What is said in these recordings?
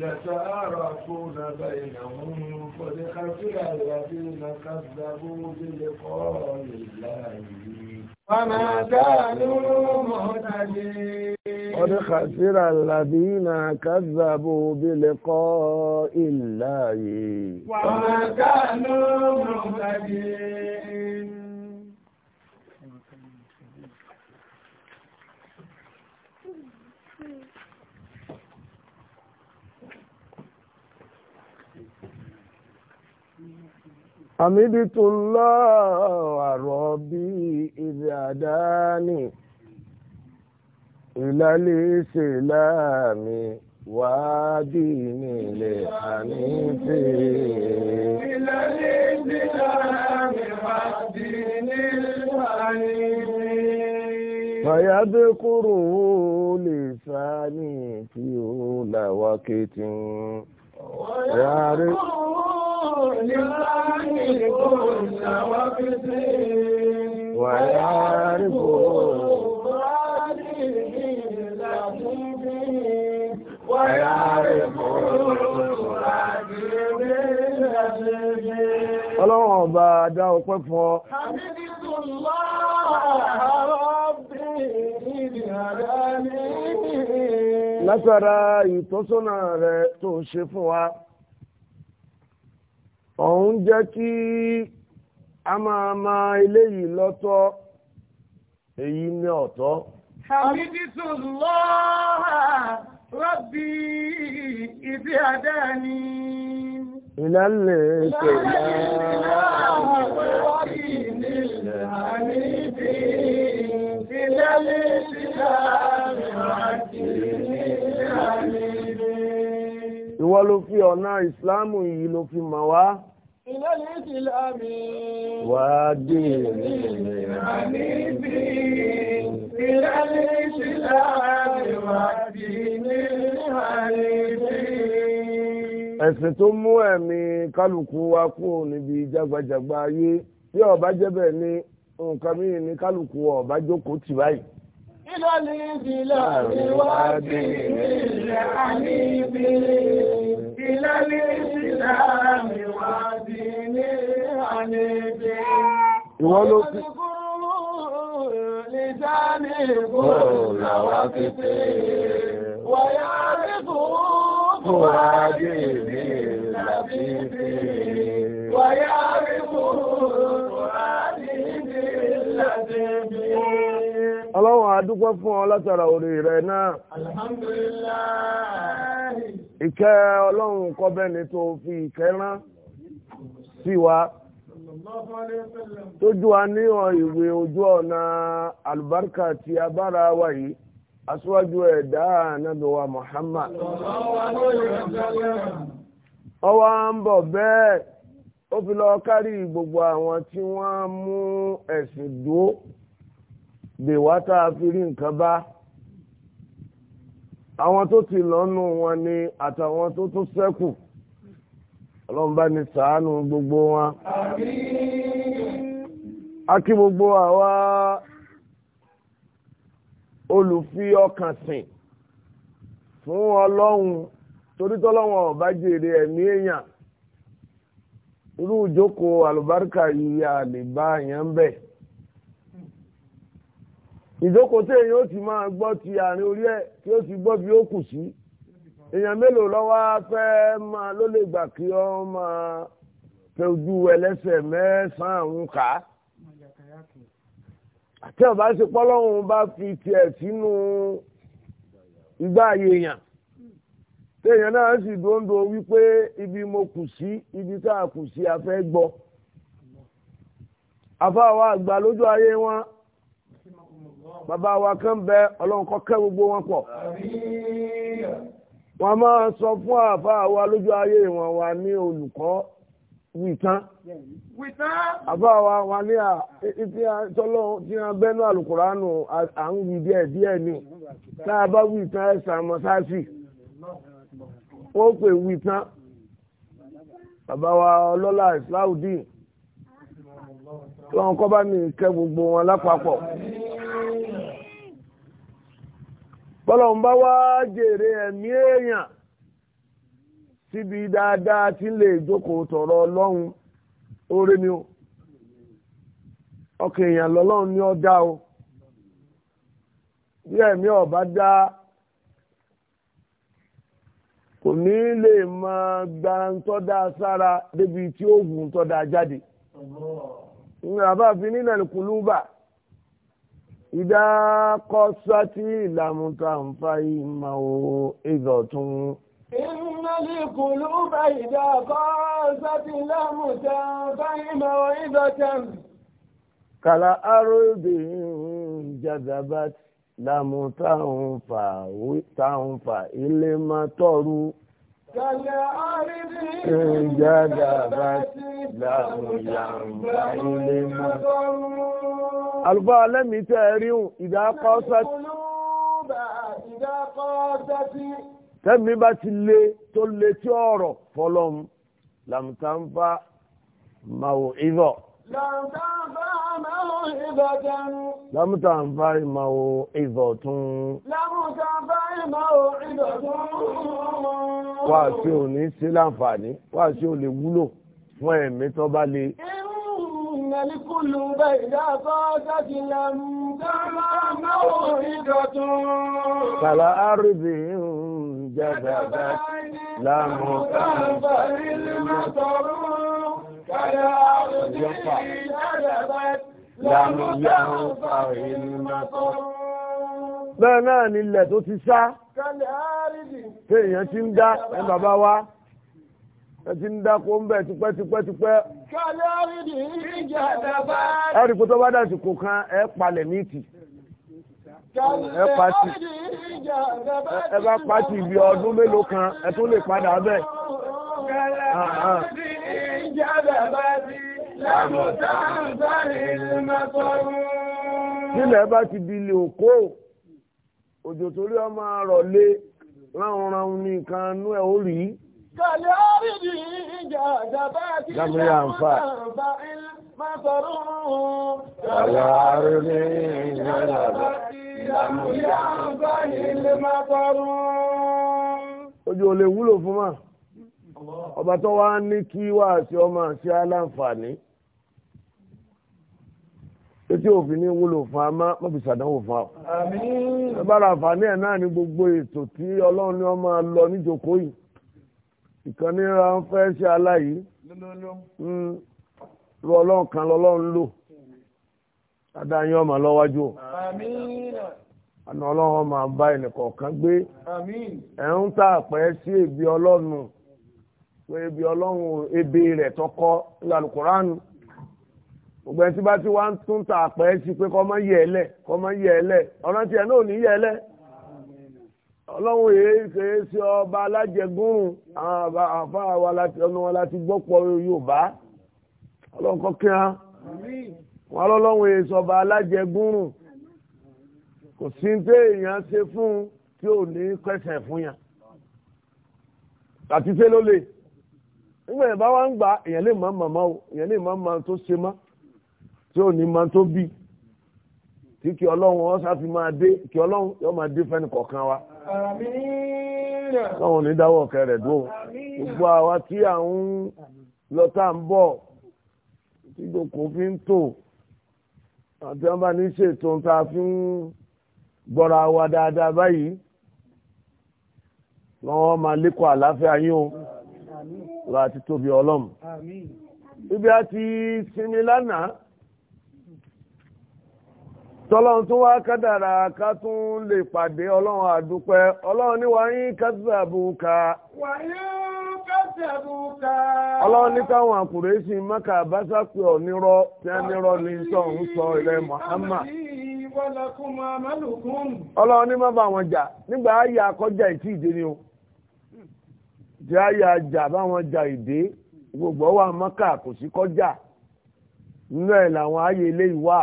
يتعارفون بينهم قد خسر الذين كذبوا بلقاء الله وما كانوا مهتدين قد خسر الذين كذبوا بلقاء الله وما كانوا مهتدين حمدت الله ربي إذ هداني إلى الإسلام وديني لحنيف إلى الإسلام وديني الحنيف فيذكره لساني في أولى وقت ويذكره لله كل وقت ويعرف هذه لطيفه ويعرف Ọlọ́run ọba dá ọpẹ́ fún ọ. Látara ìtọ́sọ́nà rẹ̀ tó ṣe fún wa. òun jẹ́ kí a máa ma eléyìí lọ́tọ̀ èyí ní ọ̀tọ̀. Hamidullah Rabbi ìdí àdáni. ló fi ọ̀nà ìsìláàmù yìí ló fi mà wá. إلى الإسلام والدين الحنيف ẹ̀sìn tó mú ẹ̀mí kálukú wa kúrò níbi jágbajàgba ayé tí ó jẹ́ bẹ́ẹ̀ ni nǹkan mìíràn ní kálukú ó jókòó tì báyìí. ìlọ́lẹ̀ ìdílé àríwá bí ìrìnlẹ̀ àníbi. بلال الإسلام وديني حنيفي واذكروا لساني كل وقتي ويعرفوا فؤادي لطيفي ويعرفوا Ọlọ́run àdúpẹ́ fún ọ látara orí rẹ̀ náà. Alhamdulillah. Ìkẹ́ Ọlọ́run kọ́bẹ́ ni tó fi ìkẹ́ rán sí wa. Tójú wa ní ìwé ojú ọ̀nà àlùbáríkà ti abára wa yìí. Aṣíwájú ẹ̀dá ànábì wa Muhammad. Ọwọ́ ń bọ̀ bẹ́ẹ̀. ó fi lọ kárí gbogbo àwọn tí wọ́n mú ẹ̀sìn dúó dèwà tá a fi rí nǹkan bá àwọn tó ti lọ́nu wọn ni àtàwọn tó tún ṣẹ́kù ọlọ́run bá ní ṣàánú gbogbo wọn. a kí gbogbo àwa olùfi ọkàn sìn fún ọlọ́run torí ọ̀bá jèrè ẹ̀mí èèyàn irú ìjókòó àlùbáríkà yìí a lè bá èèyàn bẹ̀ ìjókòó tí èèyàn ó ti máa gbọ́ ti àárín orí ẹ̀ tí ó ti gbọ́ bí ó kù sí èèyàn mélòó lọ́wọ́ fẹ́ máa ló lè gbà kí ọ máa tẹ̀jú ẹlẹ́sẹ̀ mẹ́sàn-án àwọn kà àti ọ̀bá ṣe pọ́lọ́hún bá fi tiẹ̀ sínú igbá àyè èèyàn kéèyàn náà sì dóńdó wípé ibi mo kù sí ibi tá a kù sí a fẹ́ gbọ́ àfáàwọ̀ àgbà lójú ayé wọn bàbá wa kan bẹ ọlọ́run kó kẹ́ gbogbo wọn pọ̀ wọ́n máa sọ fún àfáàwọ̀ lójú ayé wọn wà ní olùkọ́ wìtán àbáwa wa ní ìtí tọ́lọ́ tí wọ́n bẹ́nu àlùkùránù à ń wí díẹ̀ díẹ̀ ni tá a bá wìtán ẹ̀sán mọ́sáàsì wọ́n pè wí tán bàbá wa ọlọ́lá ìsláùdín lọ́wọ́n kọ́ bá mi kẹ́ gbogbo wọn lápapọ̀ bọ́lọ̀ ń bá wá jèrè ẹ̀mí èèyàn síbi dáadáa tí lè jókòó tọ̀rọ̀ ọlọ́run oore ni o ọkàn èèyàn lọ́lọ́run ní ọjà o bí ẹ̀mí ọba dáa kò ní lè máa gba tọ́da sára débi tí ó gùn tọ́da jáde. Ìràbá fi nílẹ̀ kùlúbà. Ìdá kọ́ sátí ìlànà tàǹfà ìmọ̀ ìdọ̀tún. Inna al-quluba idha qasat lamtan fahima wa idatan. Kala ardi jadabat lámú táwọn fà táwọn fà ilé má tọrú. kàlẹ́ àrídì ìjà dàbà tí lámú yàǹbá ilé má tọrú. àlùfáà lẹ́mí tẹ́ ẹ ríhùn ìdá kọ́ sẹ́tì. tẹ́mi bá ti lé tó létí ọ̀rọ̀ fọlọ́m làmùtàǹfà màwò ìvọ̀. làmùtàǹfà. Lamu لم تنفع موعظة لم تنفع موعظة wá sí ò ní sí láǹfààní wá sí ò lè wúlò fún ẹ̀mí tó bá le. Ìrìnàlí kúlù bẹ ìdáàbọ̀ jáde lẹ́nu dáná náà ìdọ̀tún. Kàlà àrùbí ń jàdàdà láàmú. Kàǹfà ilé Bẹ́ẹ̀ náà nílẹ̀ tó ti sá, tí èèyàn ti ń dá ẹ bàbá wa, ẹ ti ń dá kó ń bẹ̀ tipẹ́ tipẹ́ tipẹ́. Ẹ̀rì kó tó bá dà sí kò kan ẹ palẹ̀ níìtì. Ẹ pàtì. Ẹ bá pàtì ibi ọdún mélòó kan, ẹ tó lè padà bẹ̀. Kàlẹ́ ah, ah. nílẹ̀ bá ti di ilé òkó òjò torí ọmọ àrọ̀lé ráhùn ráhùn ní nǹkan inú ẹ̀ ó rí. kàlẹ́ àrídì ìjà àjàbá ti ṣe àǹfà mọ́tòrò. kàlẹ́ ìjà àjàbá ti ṣe ilé ò lè wúlò fún ọba tó wá ní kí wàá sí ọmọ àti aláǹfààní. títí òfin ní wúlò fún amá mọ́bí sàdánwò fún ọ. ẹbára àǹfààní ẹ̀ náà ní gbogbo ètò tí ọlọ́run ní máa lọ níjókòó yìí ìkànnì ra ń fẹ́ ṣe aláyìí hmm. ọlọ́run kan lọ́lọ́run lò dáadáa ọmọ lọ́wájú àná ọlọ́run gbé ń ta sí ebi ọlọ́run pé ebi ọlọ́run ebe rẹ̀ tọkọ gbogbo ẹni tí bá ti wá ń tún ta àpẹ́ sí pé kọ́ mọ́ yẹ ẹ lẹ̀ kọ́ mọ́ yẹ ẹ lẹ̀ ọ̀ràn tiẹ̀ náà ní yẹ ẹ lẹ̀ ọlọ́run èyí ṣe é sí ọba alájẹgúrùn àwọn àfa wa láti ọ̀nà wọn láti gbọ́pọ̀ yorùbá ọlọ́run kọ́ kí wọn wọn lọ́lọ́run èyí sọ ọba alájẹgúrùn kò sí pé èèyàn ṣe fún tí ò ní kẹsẹ̀ fún yàn àti pé ló lè nígbà yẹn bá wá ń gbà èèyàn lè mọ màmá o èèyàn lè mọ màmá tó ṣe mọ́ tí ò ní máa tó bí tí kí ọlọ́run ọ sáfi máa dé kí ọlọ́run yóò máa dé fẹ́ni kọ̀ọ̀kan wa. káwọn onídàáwọ̀ ọ̀kẹ́ rẹ̀ gbogbo àwa tí à ń lọ tá à ń bọ̀ tí gbogbo fi ń tò àti wọn bá ní ṣètò tá a fi ń gbọ́ra wa dáadáa báyìí lọ́wọ́ máa lékọ́ àlàáfíà yín o lọ́wọ́ àti tóbi ọlọ́run. ibi a ti sinmi lánàá. tọ́lọ́run tún wá kádàrà ká tún lè pàdé ọlọ́run àdúpẹ́ ọlọ́run ní wáyé yín kásàbùkà. wàá ọlọ́run ní mẹ́ka ọ̀nírọ́ tí nírọ́ ní sọ̀hún sọ ilẹ̀ ọlọ́run ní má bá wọn jà nígbà ayé ìtì ìdè ni o ayé ajá bá wọn jà ìdè gbogbo wa mẹ́ka kò sí kọjá làwọn eléyìí wà.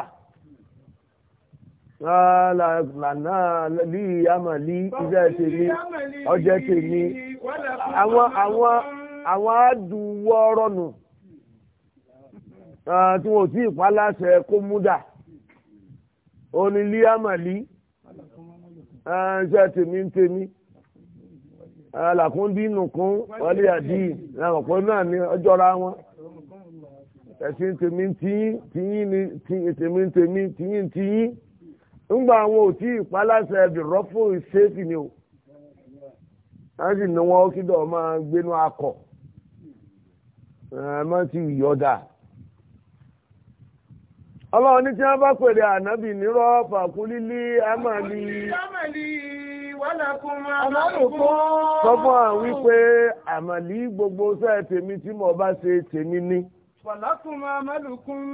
lànà lí àmàlí iṣẹ́ tèmi ọjẹ́ tèmi àwọn àwọn àwọn àdúwọ́rọ̀ nù ah, tí wọn ò tí ì pa láṣẹ kó múdà òní lí àmàlí ah, iṣẹ́ tèmi ń tèmi ah, làkúndínùkún wọlé àdìyí làwọn kan náà ní ọjọ́ra wọn ẹ̀sìn tèmi ń tiyín tiyín ni tèmi ń tèmi tiyín tiyín. ńgbà àwọn ò tí ìpalásẹ̀ ẹ̀bì rọ́pò ìṣèkì ni o wọ́n sì ní wọ́n kídọ̀ máa gbénú akọ̀ ẹ̀ má ti ọlọ́run ní tí wọ́n bá pèrè ànábì nírọ́ fàkúlílé amàlí sọ fún àwọn wípé àmàlí gbogbo sẹ́ẹ̀ tèmi tí mo bá ṣe tèmi ní. wàlákùnmá málùkùn.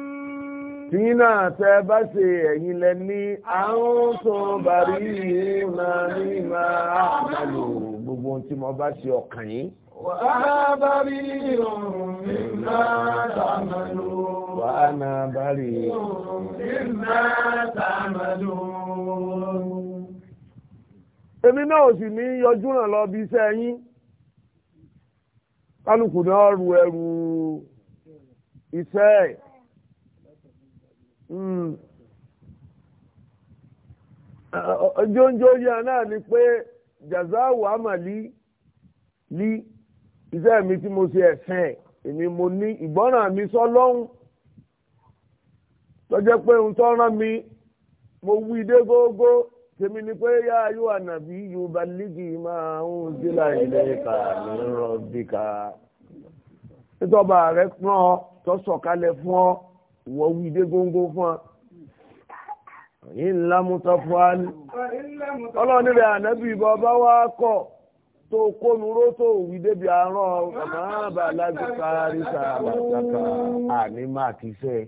Tina náà tẹ bá ṣe ẹ̀yin lẹ ní àwọn tó bàrí yìí máa ní máa àbálò gbogbo ohun tí mo bá ṣe ọkàn yín. وأنا بريء مما تعملون وأنا بريء مما تعملون èmi náà sì ní yọjú ràn lọ bí iṣẹ́ yín kálukú náà ru ẹrù iṣẹ́ ẹ̀ jóńjó yá náà ni pé jazawu amali lí iṣẹ́ mi tí mo ṣe ẹ̀sìn èmi mo ní ìgbọ́ràn mi sọ́lọ́hún tọ́jẹ́ pé ń tọ́ràn mi mo wí dé gógó tèmi ni pé yá ayú ànàbí yorùbá lígì máa ń délà ilẹ̀ ìka nírọ̀ bíkà nítorí ọba rẹ̀ pọ́n ọ tó sọ̀kalẹ̀ fún ọ. wọ́n wí dé góńgó fún wa ìlà mutafuani ọlọ́ọ̀ni rẹ̀ ànábì ọba wa kọ̀ tó kónúró tó wí débi àárọ̀ ọ̀mọ́ àbàlágbé kárí sàràbàtàkà àní máa kì í sẹ́.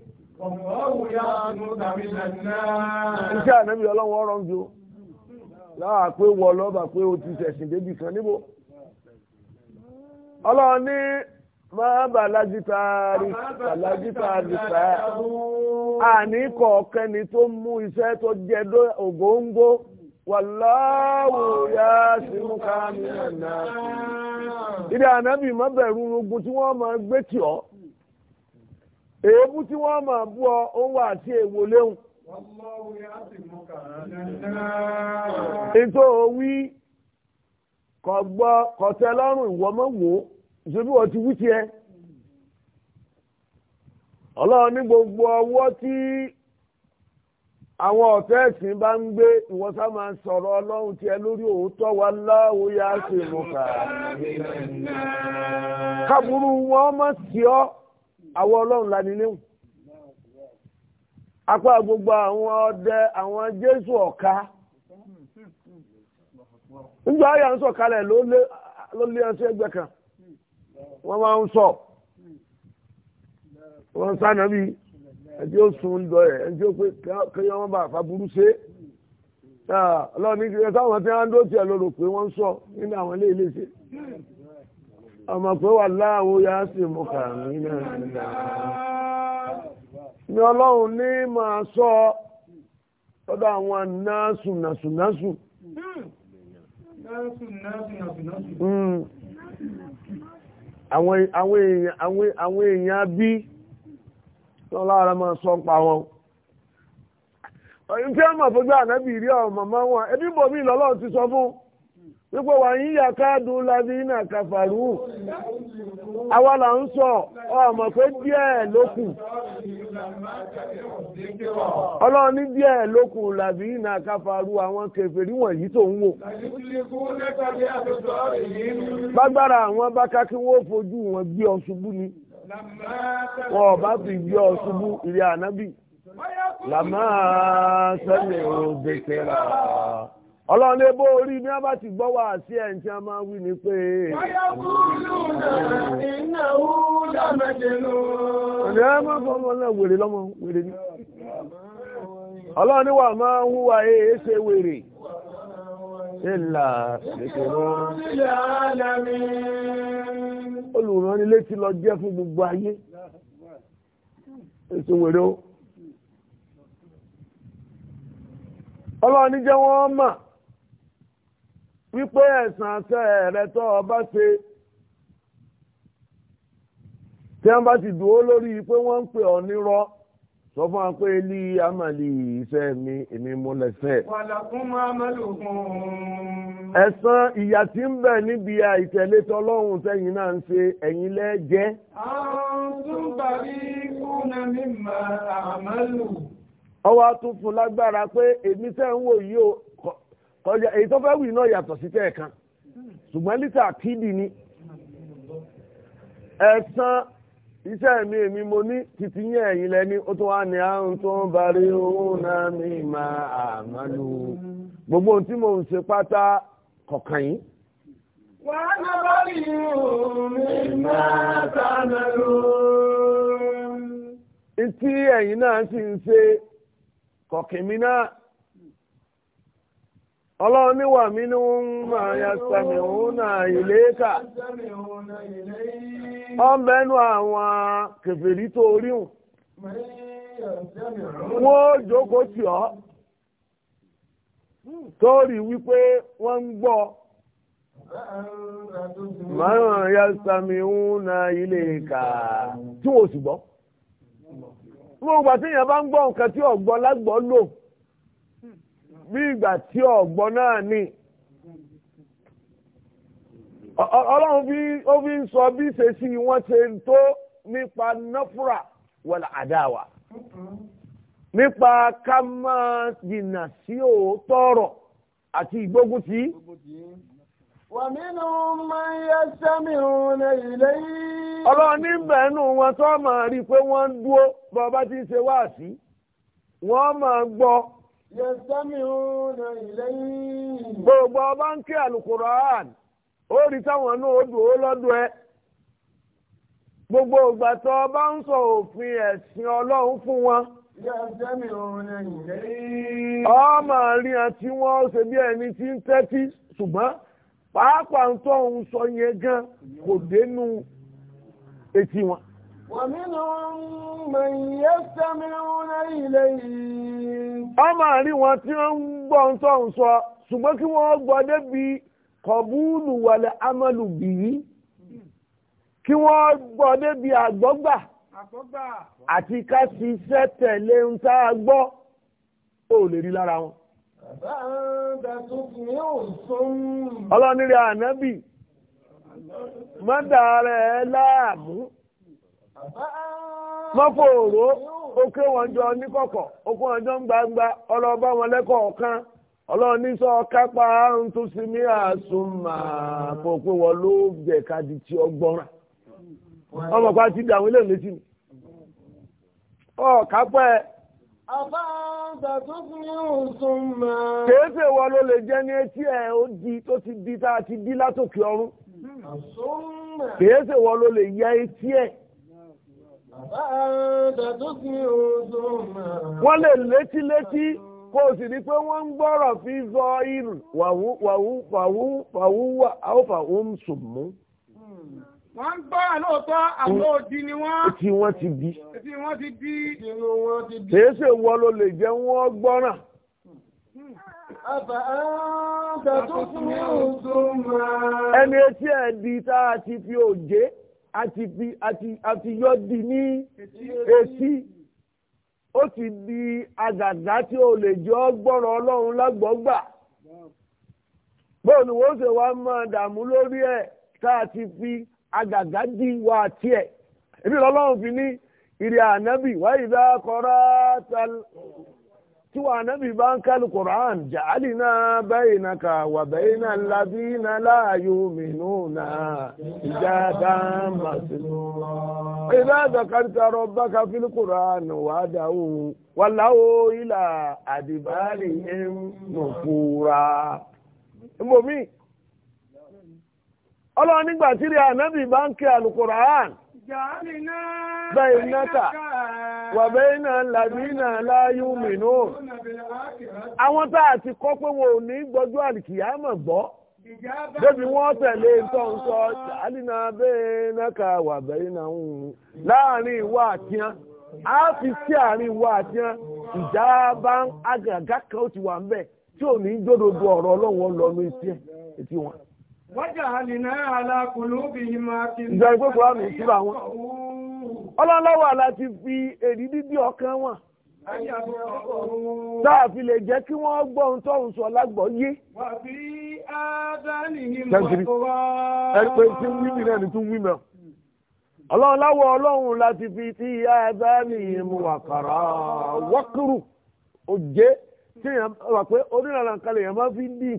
iṣẹ́ ànábì ọlọ́run ọ̀rọ̀ ń láà pé wọ lọ́ba pé o ti kan níbo. ọlọ́ọ̀ni máa bàlágítà rí bàlágítà rí sáà àní kọ̀ọ̀kan ni tó mú iṣẹ́ tó jẹ́ ògóńgó wàláwò yá sí mú ká mi àná. ìdí ànábì má bẹ̀rù ogun tí wọ́n máa gbé tì ọ́ èébú tí wọ́n máa bú ọ òun wà sí èwo léhùn. ètò òwí kọ̀ gbọ́ kọ̀tẹ́ lọ́rùn ìwọ́mọ̀ ṣebí wọ́n ti wí tiẹ̀ ọlọ́run ní gbogbo ọwọ́ tí àwọn ọ̀tẹ́ ẹ̀sìn bá ń gbé ìwọ sá máa sọ̀rọ̀ ọlọ́run tiẹ̀ lórí òótọ́ wa láwo ya ṣe mọ̀ kà kábùrú wọn má sí ọ àwọn ọlọ́run la apá gbogbo àwọn ọdẹ àwọn jésù ọ̀ka nígbà ayà ń sọ̀kalẹ̀ ló lé ẹsẹ̀ wọ́n máa ń sọ wọ́n sànàbí ẹjọ́ sun lọ ẹ̀ ẹjọ́ pé kéèyàn wọn bá àfàbúrú ṣe ọlọ́ọ̀ni kí ẹ táwọn tí wọ́n ń dóòtì ẹ̀ lọ́rọ̀ pé wọ́n ń sọ nínú àwọn ilé ilé ṣe ọmọ pé wà láàwọ ya sì mú kàmí náà ni ọlọ́run ní máa sọ lọ́dọ̀ àwọn násùnásùnásùn. Hmm. násùnásùnásùn. Hmm. àwọn èèyàn bí tó lára máa sọ pa wọn nke tí a mọ̀ fún gbà ànábì rí àwọn màmá wọn ẹbí mí lọ́lọ́ ti sọ fún wípé wà ń yà káàdù ladina kàfàrú àwa là ń sọ ọmọ pé díẹ̀ ọlọ́run ní díẹ̀ lókun làbí iná káfàrú àwọn kèfèrí wọ̀nyí tó ń wò. bágbára àwọn bá ká kí wọ́n fojú wọn gbé ọ ṣubú ni wọn ò bá fi gbé ọ ṣubú ànábì làmáà sẹ́lẹ̀ ò bẹ̀kẹ́ra. ọlọ́run lè orí ní a bá ti gbọ́ wà sí tí a máa wí ni pé ọlọ́run wà máa ń húwa èé ṣe wèrè ìlà ìṣòro olùrànnilétí lọ jẹ́ fún gbogbo ayé èso wèrè ọlọ́run jẹ́ wọ́n wípé ẹ̀sán tẹ́ rẹ tọ́ ọ bá ṣe tí wọ́n bá sì dúró lórí pé wọ́n ń pè ọ nírọ́ sọ fún wa pé lí amàlì iṣẹ́ mi èmi mo lẹ́sẹ̀. ẹ̀san ìyà tí ń bẹ níbi àìtẹ̀lé tọlọ́hun tẹ̀yìn náà ń ṣe ẹ̀yin lẹ́jẹ́. àrùn tún bàrí kúnà mímọ àmàlù. ọwọ́ a tún fún lágbára pé èmi tẹ́ ń wò yìí o kọjá èyí tó fẹ́ wì náà yàtọ̀ sí tẹ́ ẹ̀kan ṣùgbọ́n lítà kídì ni ẹ̀sán iṣẹ́ mi èmi mo ní títí yẹn ẹ̀yìn lẹ́ni ó tún wá ní àrùn tó ń barí òun náà mi máa àmàlù gbogbo ohun tí mo ń ṣe pátá kọ̀kan yìí. wàá ná bọ́ọ̀lì òun mi máa sàmẹ́lú. ìtí ẹ̀yìn náà sì ń ṣe kọ̀kìnmí náà ọlọ́run níwà mínú máa ya sàmìhúnà ìléka ọmọbẹ̀nu àwọn kèfèrí tó oríhùn wọ́n jókòó tì ọ́ torí wípé wọ́n ń gbọ́ máa ya sàmìhúnà ìléka tí wọ́n sì gbọ́. gbogbo àti èèyàn bá ń gbọ́ nǹkan tí ọ̀gbọ́n lágbọ́ lò bí ìgbà tí ọ̀gbọ́n náà ni ọlọ́run bí ó fi ń sọ bí ṣe sí wọ́n ṣe tó nípa nọ́fúrà wọ̀là àdáwà nípa ká máa jìnnà sí òótọ́ ọ̀rọ̀ àti ìgbógun tì í. ومنهم من يستمعون إليه ọlọ́run ní bẹ̀ẹ́nù wọn tó máa rí i pé wọ́n ń dúró bọ́ bá ti ṣe wáàsí wọ́n máa gbọ́ yẹsẹ́mìíràn ìlẹ́yìn. gbogbo ọba ń kí alukuraan ó rí táwọn náà ó dùn ó lọ́dọ̀ ẹ gbogbo ìgbà tó ọba ń sọ òfin ẹ̀sìn ọlọ́run fún wọn. yẹsẹ́mìíràn ìlẹ́yìn. ọmọ rí ẹ tí wọ́n ṣe bí ẹni tí ń tẹ́tí ṣùgbọ́n pàápàá tó ń sọ yẹn gan kò dénú etí wọn. a máa rí wọn tí wọ́n ń gbọ́ ń tọ́ ń sọ ṣùgbọ́n kí wọ́n gbọ́ débi kọ̀búùlù wàlẹ̀ amálù bìí kí wọ́n gbọ́ débi àgbọ́gbà àti ká ṣiṣẹ́ tẹ̀lé ń tá a gbọ́ ó lè rí lára wọn. ànábì mọ́fọ́ òró ó ké wọn jọ wọn gbangba ọlọ́ọ̀bá wọn lẹ́kọ̀ọ́ kan ọlọ́run ní sọ kápá ń ní àsùnmà wọn ló bẹ̀ ká di ọmọ kan ti dàwọn ilé létí ni ọ kápá ẹ. kèéfè wọn ló lè jẹ́ ní etí ti di tá a di látòkè ọ̀run kèéfè wọn ló lè yá etí ẹ̀. wọ́n lè létí létí kó o sì rí pé wọ́n ń gbọ́rọ̀ fi zọ irù wàhúwà àwòfàwọ́n sùn mú. wọ́n ń gbọ́rọ̀ lóòótọ́ àmọ́ òdì ni wọ́n. etí wọ́n ti di. etí wọ́n ti di. kìí ṣe wọ ló lè jẹ́ wọ́n gbọ́ràn. ẹni etí ẹ̀ di tá a ti fi òjé àti fi àti àti yọ di ní etí ó ti di àgàgà tí o lè jọ gbọ́rọ̀ ọlọ́run lágbọ́gbà bóòlù wọ́n ṣe wá máa dààmú lórí ẹ̀ tá a ti fi àgàgà di wa tiẹ̀ èmi lọ́lọ́run fi ní ìrìn ànábì wáyé dá kọ́ra tẹ́lẹ̀ tí wà nábì bá ń kálù Qur'an ja'alina baynaka wà bayna alladhina la yu'minuna hijaban mastura. idha dhakarta rabbaka fil Qur'an wahdahu wallaw ila adbarihim nufura. ìmọ̀ mi ọlọ́run nígbà tí rí ànábì bá ń kí alùkùrán بينك وبين الذين لا يؤمنون àwọn tá a ti kọ́ pé wọn ò ní gbọ́jú àlìkìyàmọ̀ gbọ́ débi wọ́n tẹ̀lé nǹkan sọ ṣàlìnà bẹ́ẹ̀ náka wà bẹ́ẹ̀ ń láàrin ìwà fi sí àárín ìwà àtián ìjà àgàgà kan ó ti wà ń bẹ̀ tí ò ní jódodo ọ̀rọ̀ ọlọ́wọ́ lọ́nu etí wọn. Wọ́jà àlìná alákùnlú bí ìtura wọn. láti fi èrí dídí ọkàn wọn. fi lè jẹ́ kí wọ́n gbọ́ ohun tó sọ yé. tí náà ni tún fi àkàrà Òjé tí èèyàn wà pé onírànà máa fi ń dín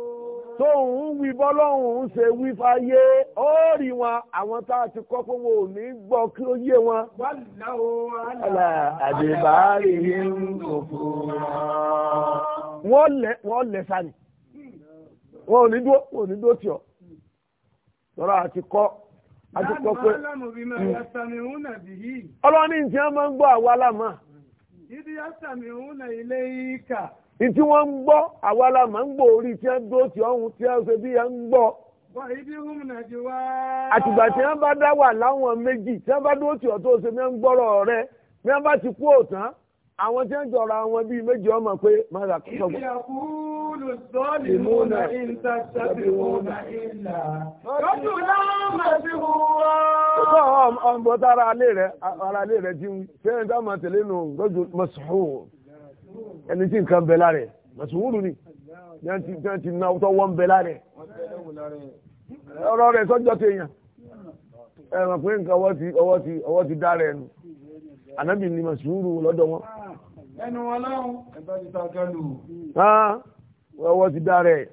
tóun wí bọ́lọ́hún ṣe wí fáyé ó rí wọn àwọn tá a ti kọ́ wọn ò ní gbọ́ kí ó yé wọn. wàlá ń wọn. wọ́n sani wọn ò ní dúró wọn ò ní dúró tiọ̀ àti kọ́ àti kọ́ pé. ọlọ́ni gbọ́ àwa lámà. ilé ntí wọ́n ń gbọ́ àwa la máa ń gbọ́ orí tí wọ́n dúró tí ọ̀hún tí wọ́n ṣe bí wọ́n ń gbọ́. àtìgbà tí wọ́n bá dá wà láwọn méjì tí wọ́n bá dúró tí ṣe wọ́n ń gbọ́rọ̀ rẹ bí wọ́n bá ti kú òtán àwọn tí wọ́n jọra àwọn bíi méjì ọmọ pé máa rà kí sọ́gbọ́n. ìyàkúlù sọ́ọ̀lì múnà ìntàṣàbí múnà ìlà. lọ́jọ́ náà máa fi hùwà. ẹni tí nǹkan bẹ ni yẹn ti na ọtọ wọn bẹ lára ẹ̀ ọ̀rọ̀ rẹ̀ sọ́jọ́ ẹ pé nǹkan ti ti ti dára ẹnu ni màṣúwúrù lọ́dọ̀ wọn. ẹnu wọn ti ta kálù. ọwọ́ ti dára ẹ̀.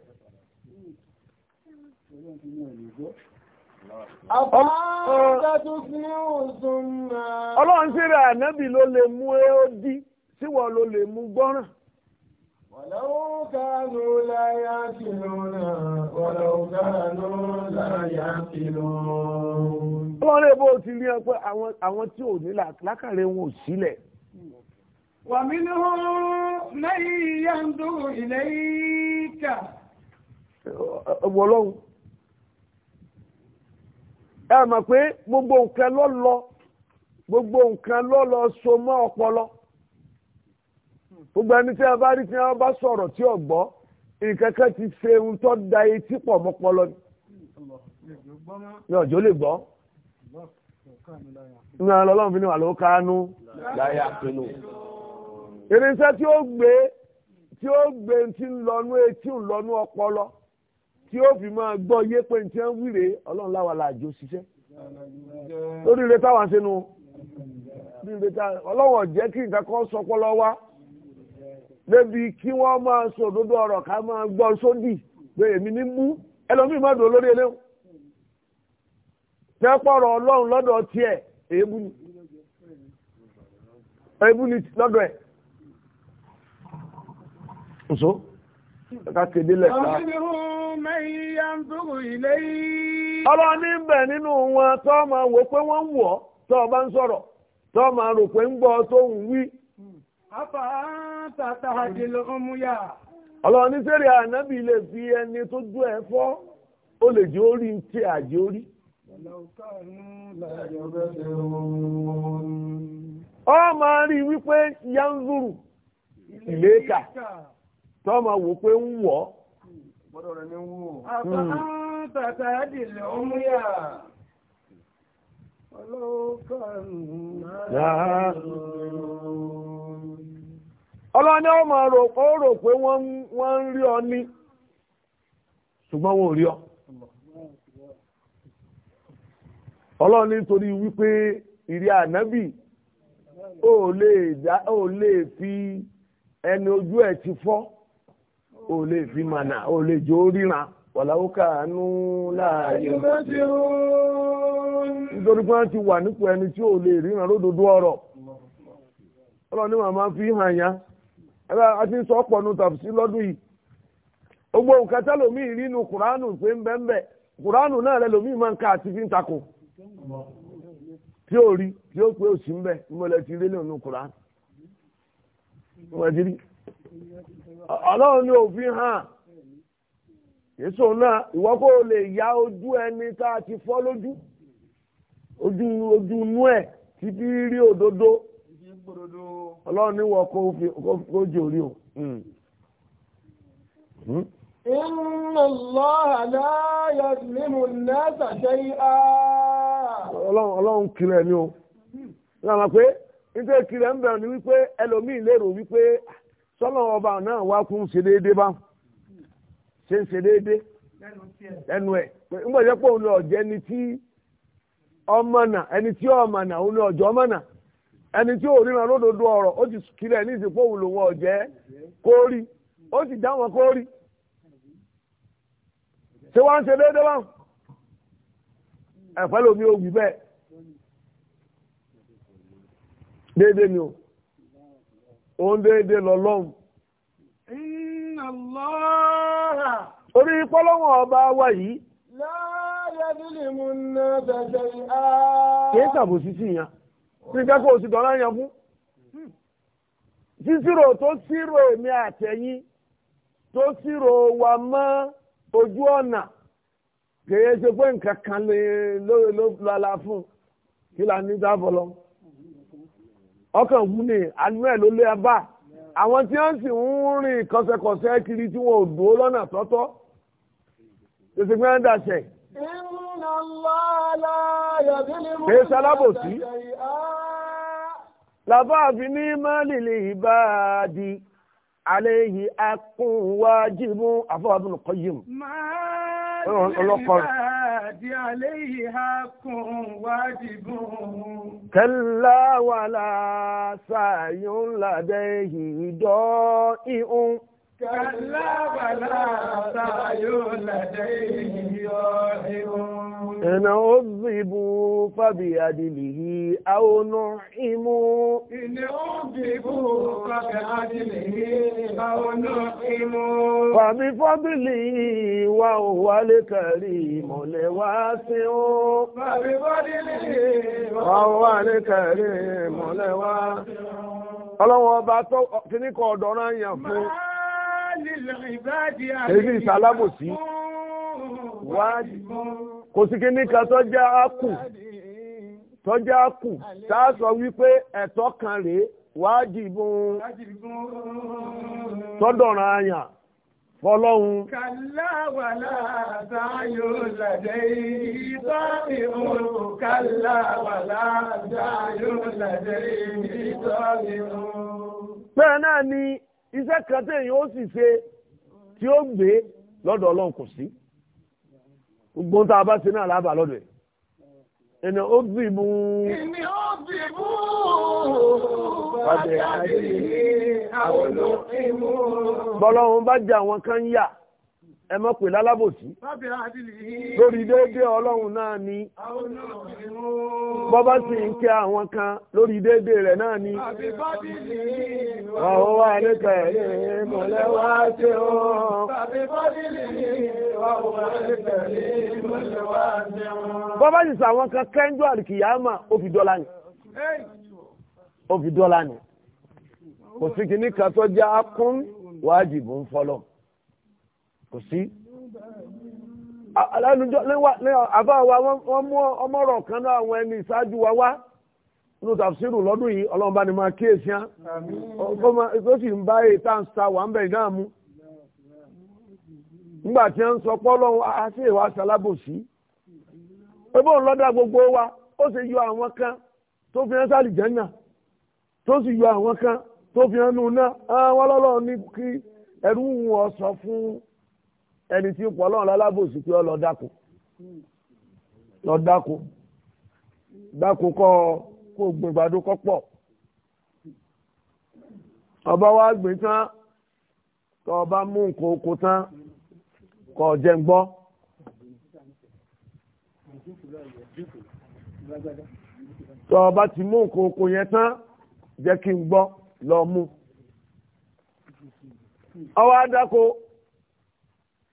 Ọlọ́run ṣe rẹ̀ ànábì ló lè mú ẹ́ tí wọ́n ló lè mú gbọ́ràn. Wọ̀lọ́wọ́ kánú láyá kìlọ̀ náà, wọ̀lọ́wọ́ kánú láyá kìlọ̀. Wọ́n lè bó ti rí ọ pé àwọn tí ò ní lákàrẹ wọn ò sílẹ̀. Wà mí ní ó lẹ́yìn yá ń dúró ilẹ̀ ìkà. Wọ̀lọ́hun. Ẹ mọ̀ pé gbogbo nǹkan ló lọ, gbogbo nǹkan ló lọ so mọ́ ọpọlọ gbogbo ẹni tí a bá rí tí wọn bá sọ̀rọ̀ tí ò gbọ́ nǹkan kan ti ṣe ohun tó da etí pọ̀ mọ́pọlọ ní ọjọ́ lè gbọ́ ní ọlọ́run fi ní wà ló kánú láyà pinnu irinṣẹ́ tí ó gbé tí ó gbé ti ń lọnú etí ń lọnú ọpọlọ tí ó fi máa gbọ́ yé pé ní tí wọ́n wíre ọlọ́run láwa la àjò ṣiṣẹ́ lórí ire táwọn ṣe nu ọlọ́run ọ̀jẹ́ kí nǹkan kan sọpọlọ wá. débi kí wọ́n máa sọ òdodo ọrọ ká máa gbọ́ sódì pé èmi ní mú ẹlòmíì má dùn lórí eléwọ̀n tẹ́pọ̀rọ̀ ọlọ́run lọ́dọ̀ tiẹ̀ èébú ni èébú ni lọ́dọ̀ ẹ̀ ǹso kéde nínú wọn tó máa wò pé wọ́n ń bá ń sọ̀rọ̀ tó máa rò pé ọlọ́run ní sẹ́rí ànábì lè fi ẹni tó jú ẹ fọ́ ó lè jẹ́ orí ń àjẹ́ orí. ọ máa rí wípé yanzuru ìléka tó máa wò pé ń wọ̀ ọ́. ní tàtà ọmú yà. ọlọ́run ni wọ́n máa rò pé ó rò pé wọ́n ń rí ọ ní ṣùgbọ́n wọn ò rí ọ. ọlọ́run nítorí wípé ìrí ànábì ó lè fi ẹni ojú ẹ̀ ti fọ́ ó lè fi mànà ó lè jò ríran wàláwókà nú láàyè. nítorí pé wọ́n ti wà nípò ẹni tí ò lè ríran lódodo ọ̀rọ̀ ọlọ́run ni màmá fi hàn yán. a ti sọ ọ̀pọ̀ nu tàbí lọ́dún yìí gbogbo nǹkan tẹ́lòmíì rí nu kùránù pé ń bẹ́ẹ̀ bẹ́ẹ̀ kùránù náà lẹ́lòmíì máa ń ka àti fi ń takò tí ó rí tí ó pé òsì ń bẹ mọlẹ ti rí nínú kùránù mọlẹ ti ni òfin hàn yéṣu náà ìwọ kó ya ojú ẹni tá a ti fọ́ lójú ojú ojú ti rí ọlọ́run níwọ̀ kó jẹ orí o. Hmm. Inna Allaha la yazlimu an Ọlọ́run ọlọ́run kiri ni o. Ìlànà pé nítorí kiri ń bẹ̀rù ni wípé ẹlòmíì lérò wípé sọ́nà ọba náà wá kún ṣe déédéé bá ṣe ń ṣe déédéé lẹ́nu ẹ̀ nígbà jẹ́ pé òun ẹni tí ọmọ ẹni tí ọmọ òun ọmọ ẹni tí ò ríran lódodo ọ̀rọ̀ ó ti kílẹ̀ ní ìsìnkú òun lòun ọ̀jẹ́ kori ó sì dá wọn kórì ṣé wọ́n ń ṣe déédéé wọn ẹ̀fẹ́ lomi ò bẹ́ẹ̀ déédéé ni o òun déédéé lọ lọ́hùn. ọba wa yìí. tí jẹ́ kó o sì dọ̀lá yẹn fún. sísírò tó sírò èmi àtẹ̀yìn tó sírò wa mọ́ ojú ọ̀nà kèye ṣe pé nǹkan kan lóore ló lọ́la fún kí là ní dáàbọ̀ lọ. ọkàn wù ní àánú ẹ̀ ló lé ẹ bá àwọn tí wọ́n sì ń rìn kọsẹ̀kọsẹ̀ kiri tí wọn ò dúró lọ́nà tọ́tọ́ kìí ṣalábòsí làbáàbí ní mọ́lìlì ìbáàdì àléyìí akún wájibú àfọwábùn kọ́yìm. ọlọ́kọ̀ọ́rọ̀. Kẹ́lá wàlá sàyún làdẹ́ ìdọ́ ìhun kàlá bàlá àtàyò lẹ́dẹ̀ ìyọ̀ ìhun. Ẹ̀nà ó zìbù fàbí àdìlìhì àwọnà ìmú. Ìnà ó zìbù fàbí àdìlìhì àwọnà ìmú. Fàbí fọ́bìlì wa ò wálé kàrí ìmọ̀lẹ̀ wá sí ó. Fàbí fọ́bìlì wa ò wálé kàrí ìmọ̀lẹ̀ wá sí ó. Ọlọ́wọ́ ọba tó kíníkọ̀ ọ̀dọ́ náà yàn fún. Máa èyí ìsàlámòsí wáàdì kò sí kí nìkan tó jẹ́ àkù tó jẹ́ àkù tá a sọ wípé ẹ̀tọ́ kan rèé wáàdì bùn tọ́dọ̀ràn àyàn fọlọ́hun. kàláwàlá àdáyò lẹ́dẹ̀ ìtọ́bí òun kàláwàlá àdáyò lẹ́dẹ̀ ìtọ́bí òun. bẹ́ẹ̀ náà ni iṣẹ́ kan téèyàn ó sì ṣe tí ó gbé lọ́dọ̀ ọlọ́run kò sí gbogbo tá a bá ṣe náà lábàá lọ́dọ̀ ẹ̀ ẹni ó bì mú. ẹni ó bì mú bàtà àdéhìí àwọn olóòfin mú. bọ́lọ́run bá jẹ àwọn kan yà ẹ mọ́ pè lálábòsí lórí déédéé ọlọ́run náà ni bọ́bá sì ń kẹ́ àwọn kan lórí déédéé rẹ̀ náà ni àwọn wà nípa ẹ̀lẹ́ mọ̀lẹ́ wá ṣe ó bọ́bá sì sàwọn kan kẹ́ńjọ́ àlìkìyàmà ó fi dọ́là ni ó fi dọ́là ni kò sí kìíní kan tó jẹ́ akún wájìbù ń fọlọ́. kò sí ní ní àbá wa wọ́n mú ọmọrọ̀ kan náà àwọn ẹni ìṣáájú wa wá nínú tàfsírù lọ́dún yìí ọlọ́run bá ní máa kíyèsí á tó sì ń bá ètà ń sa wà ń bẹ̀ náà mú nígbà tí wọ́n ń sọ pé ọlọ́run á sì wá ṣalábòsí ebó ń lọ́dà gbogbo wa ó sì yọ àwọn kan tó fi hàn sáàlì jẹ́nà tó sì yọ àwọn kan tó fi hàn nù náà wọ́n lọ́lọ́run ní kí ẹrú wọn sọ fún ẹni tí ó pọ̀ ọlọ́run lálábòsí pé ọ lọ dáko lọ dáko dáko kọ́ kó gbìn gbàdó kọ́ pọ̀ ọba wa gbìn tán tọ́ ọba mú nǹkan oko tán kọ́ jẹ́ ń gbọ́ tọ́ ọba ti mú nǹkan oko yẹn tán jẹ́ kí n gbọ́ lọ mú ọwọ́ adáko.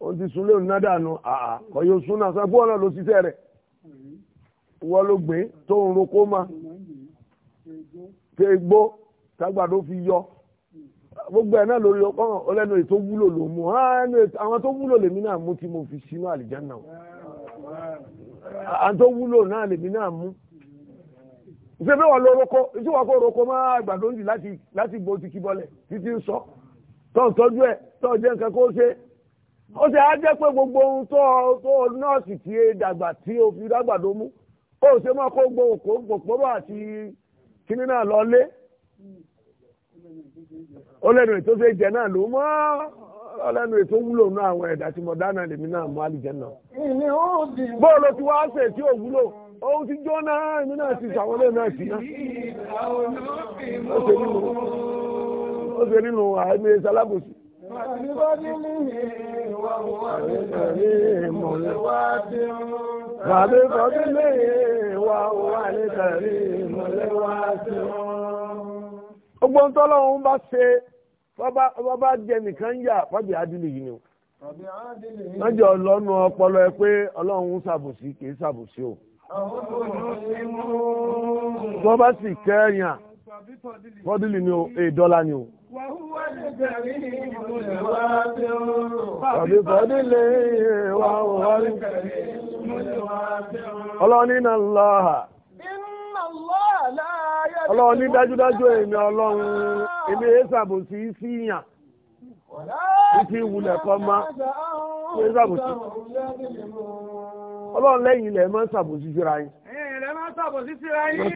òun ti sùn lóun nádàánú àà kọ yóò sún náà sọ bọ́ọ̀lù ló ṣiṣẹ́ rẹ̀ wọ́n ló gbé tó ń roko ma tẹ gbó tágbàdo fi yọ gbogbo ẹ̀ náà lórí ọkàn ọlẹ́nu ètò wúlò ló mú àwọn tó wúlò lèmi náà mú tí mo fi sínú àlìjáná àwọn tó wúlò náà lèmi náà mú ìṣẹ́fẹ́ wà ló roko ìṣẹ́ wà kó roko má àgbàdo ń di láti bo ti kí bọ́lẹ̀ títí ń sọ tó ń tọ́jú ẹ̀ tó ń jẹ́ nǹkan kó ṣe. ó ṣe á jẹ́ pé gbogbo ohun tó o nọ́ọ̀sì tí dàgbà tí o fi dágbàdo mú ó ṣe máa kó gbòòkó gbòpóró àti kíní náà lọ lé ó lẹ́nu ètò ṣe jẹ náà ló mọ́ ọlẹ́nu ètò wúlò nú àwọn ẹ̀dá tí mo dáná lèmi náà mú náà. bóò ló ti wá ṣe tí ò wúlò ohun jóná èmi náà ti náà sí náà. ó Bàbí bọ́bí léyìn wà wà ní tàrí ìmọ̀lẹ́wà sí wọn. Ogbó ń tọ́lọ́run bá ṣe bọ́bá jẹ nìkan yà fọ́bí adìlẹ̀ yìí ni o. Mọ́jọ lọ́nu ọpọlọ ẹ pé ọlọ́run ṣàbòsí kìí ṣàbòsí o. Bọ́bá sì kẹ́yàn fọ́dílì ni o, èdọ́là ni o. Àbífọ́dílé wa wọ́n ọlọ́ni náà lọ́ha. Ọlọ́ni dájúdájú èmi ọlọ́run, èmi ha. sí síyàn, títí ìwùlẹ̀ kọ́ máa, èsàbò sí. Ọlọ́run lẹ́yìn ilẹ̀ máa máa